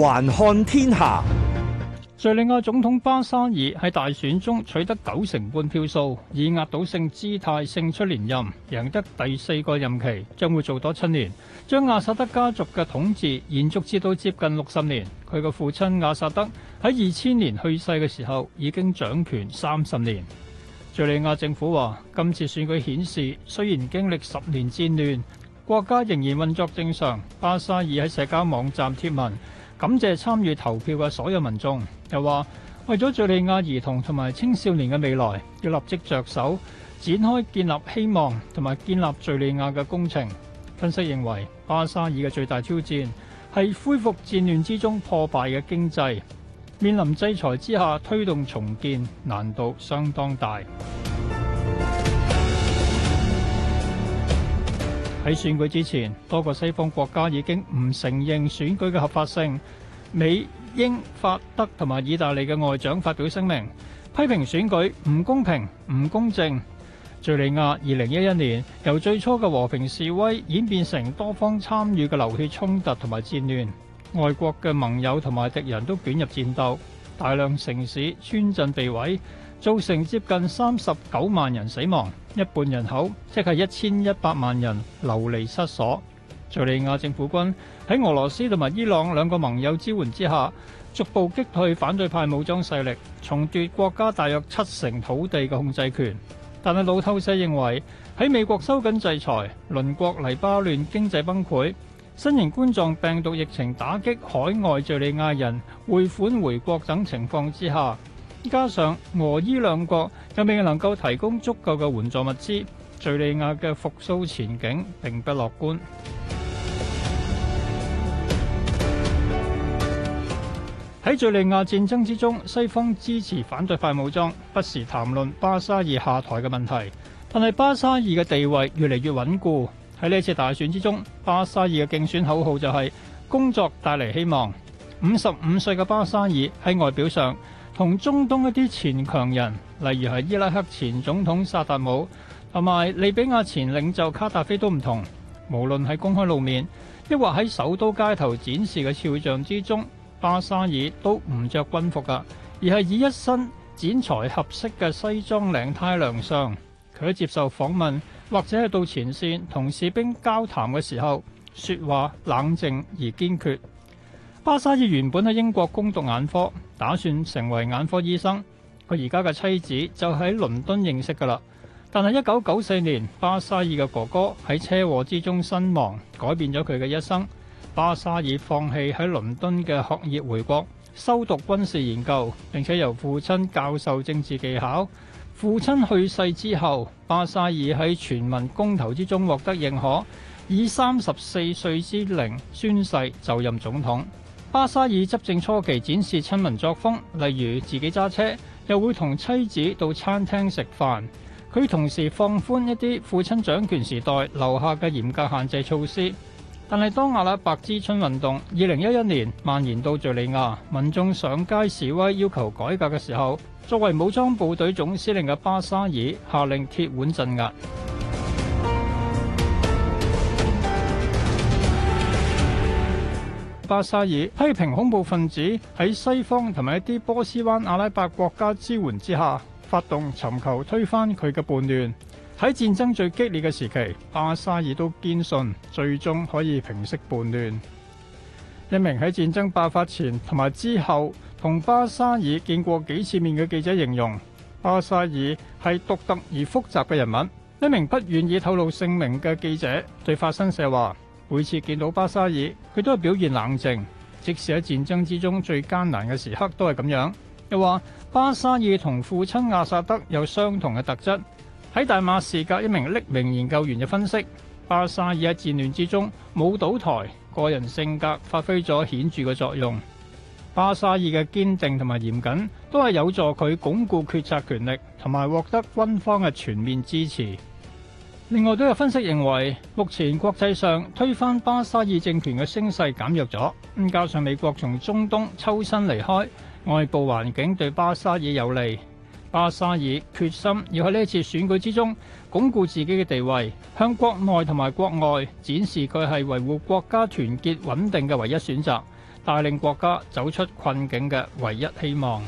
環看天下，敘利亞總統巴沙爾喺大選中取得九成半票數，以壓倒性姿態勝出連任，贏得第四個任期，將會做多七年，將亞薩德家族嘅統治延續至到接近六十年。佢嘅父親亞薩德喺二千年去世嘅時候已經掌權三十年。敘利亞政府話，今次選舉顯示，雖然經歷十年戰亂，國家仍然運作正常。巴沙爾喺社交網站貼文。感謝參與投票嘅所有民眾，又話為咗敘利亞兒童同埋青少年嘅未來，要立即着手展開建立希望同埋建立敘利亞嘅工程。分析認為，巴沙爾嘅最大挑戰係恢復戰亂之中破敗嘅經濟，面臨制裁之下推動重建難度相當大。喺選舉之前，多個西方國家已經唔承認選舉嘅合法性。美、英、法、德同埋意大利嘅外長發表聲明，批評選舉唔公平、唔公正。敘利亞二零一一年由最初嘅和平示威演變成多方參與嘅流血衝突同埋戰亂，外國嘅盟友同埋敵人都捲入戰鬥，大量城市、村鎮被毀，造成接近三十九萬人死亡。一半人口，即係一千一百萬人流離失所。敘利亞政府軍喺俄羅斯同埋伊朗兩個盟友支援之下，逐步擊退反對派武裝勢力，重奪國家大約七成土地嘅控制權。但係路透社認為，喺美國收緊制裁、鄰國黎巴嫩經濟崩潰、新型冠狀病毒疫情打擊海外敘利亞人匯款回國等情況之下。加上俄伊兩國又未能夠提供足夠嘅援助物資，敍利亞嘅復甦前景並不樂觀。喺敍利亞戰爭之中，西方支持反對派武裝，不時談論巴沙爾下台嘅問題。但係巴沙爾嘅地位越嚟越穩固。喺呢次大選之中，巴沙爾嘅競選口號就係工作帶嚟希望。五十五歲嘅巴沙爾喺外表上，同中東一啲前強人，例如係伊拉克前總統薩達姆同埋利比亞前領袖卡達菲都唔同。無論係公開露面，抑或喺首都街頭展示嘅肖像之中，巴沙爾都唔著軍服噶，而係以一身剪裁合適嘅西裝領呔亮相。佢喺接受訪問或者係到前線同士兵交談嘅時候，說話冷靜而堅決。巴沙爾原本喺英國攻讀眼科，打算成為眼科醫生，佢而家嘅妻子就喺倫敦認識㗎喇。但係1994年，巴沙爾嘅哥哥喺車禍之中身亡，改變咗佢嘅一生。巴沙爾放棄喺倫敦嘅學業，回國修讀軍事研究，並且由父親教授政治技巧。父親去世之後，巴沙爾喺全民公投之中獲得認可，以三十四歲之齡宣誓就任總統。巴沙爾執政初期展示親民作風，例如自己揸車，又會同妻子到餐廳食飯。佢同時放寬一啲父親掌權時代留下嘅嚴格限制措施。但係當阿拉伯之春運動二零一一年蔓延到敘利亞，民眾上街示威要求改革嘅時候，作為武裝部隊總司令嘅巴沙爾下令鐵腕鎮壓。巴沙爾批評恐怖分子喺西方同埋一啲波斯灣阿拉伯國家支援之下，發動尋求推翻佢嘅叛亂。喺戰爭最激烈嘅時期，巴沙爾都堅信最終可以平息叛亂。一名喺戰爭爆發前同埋之後同巴沙爾見過幾次面嘅記者形容，巴沙爾係獨特而複雜嘅人物。一名不願意透露姓名嘅記者對法新社話。每次見到巴沙爾，佢都係表現冷靜，即使喺戰爭之中最艱難嘅時刻都係咁樣。又話巴沙爾同父親阿薩德有相同嘅特質。喺大馬士革一名匿名研究員嘅分析，巴沙爾喺戰亂之中冇倒台，個人性格發揮咗顯著嘅作用。巴沙爾嘅堅定同埋嚴謹都係有助佢鞏固決策權力同埋獲得軍方嘅全面支持。另外都有分析認為目前國際上推翻巴沙爾政權嘅聲勢減弱咗，咁加上美國從中東抽身離開，外部環境對巴沙爾有利。巴沙爾決心要喺呢一次選舉之中鞏固自己嘅地位，向國內同埋國外展示佢係維護國家團結穩定嘅唯一選擇，帶領國家走出困境嘅唯一希望。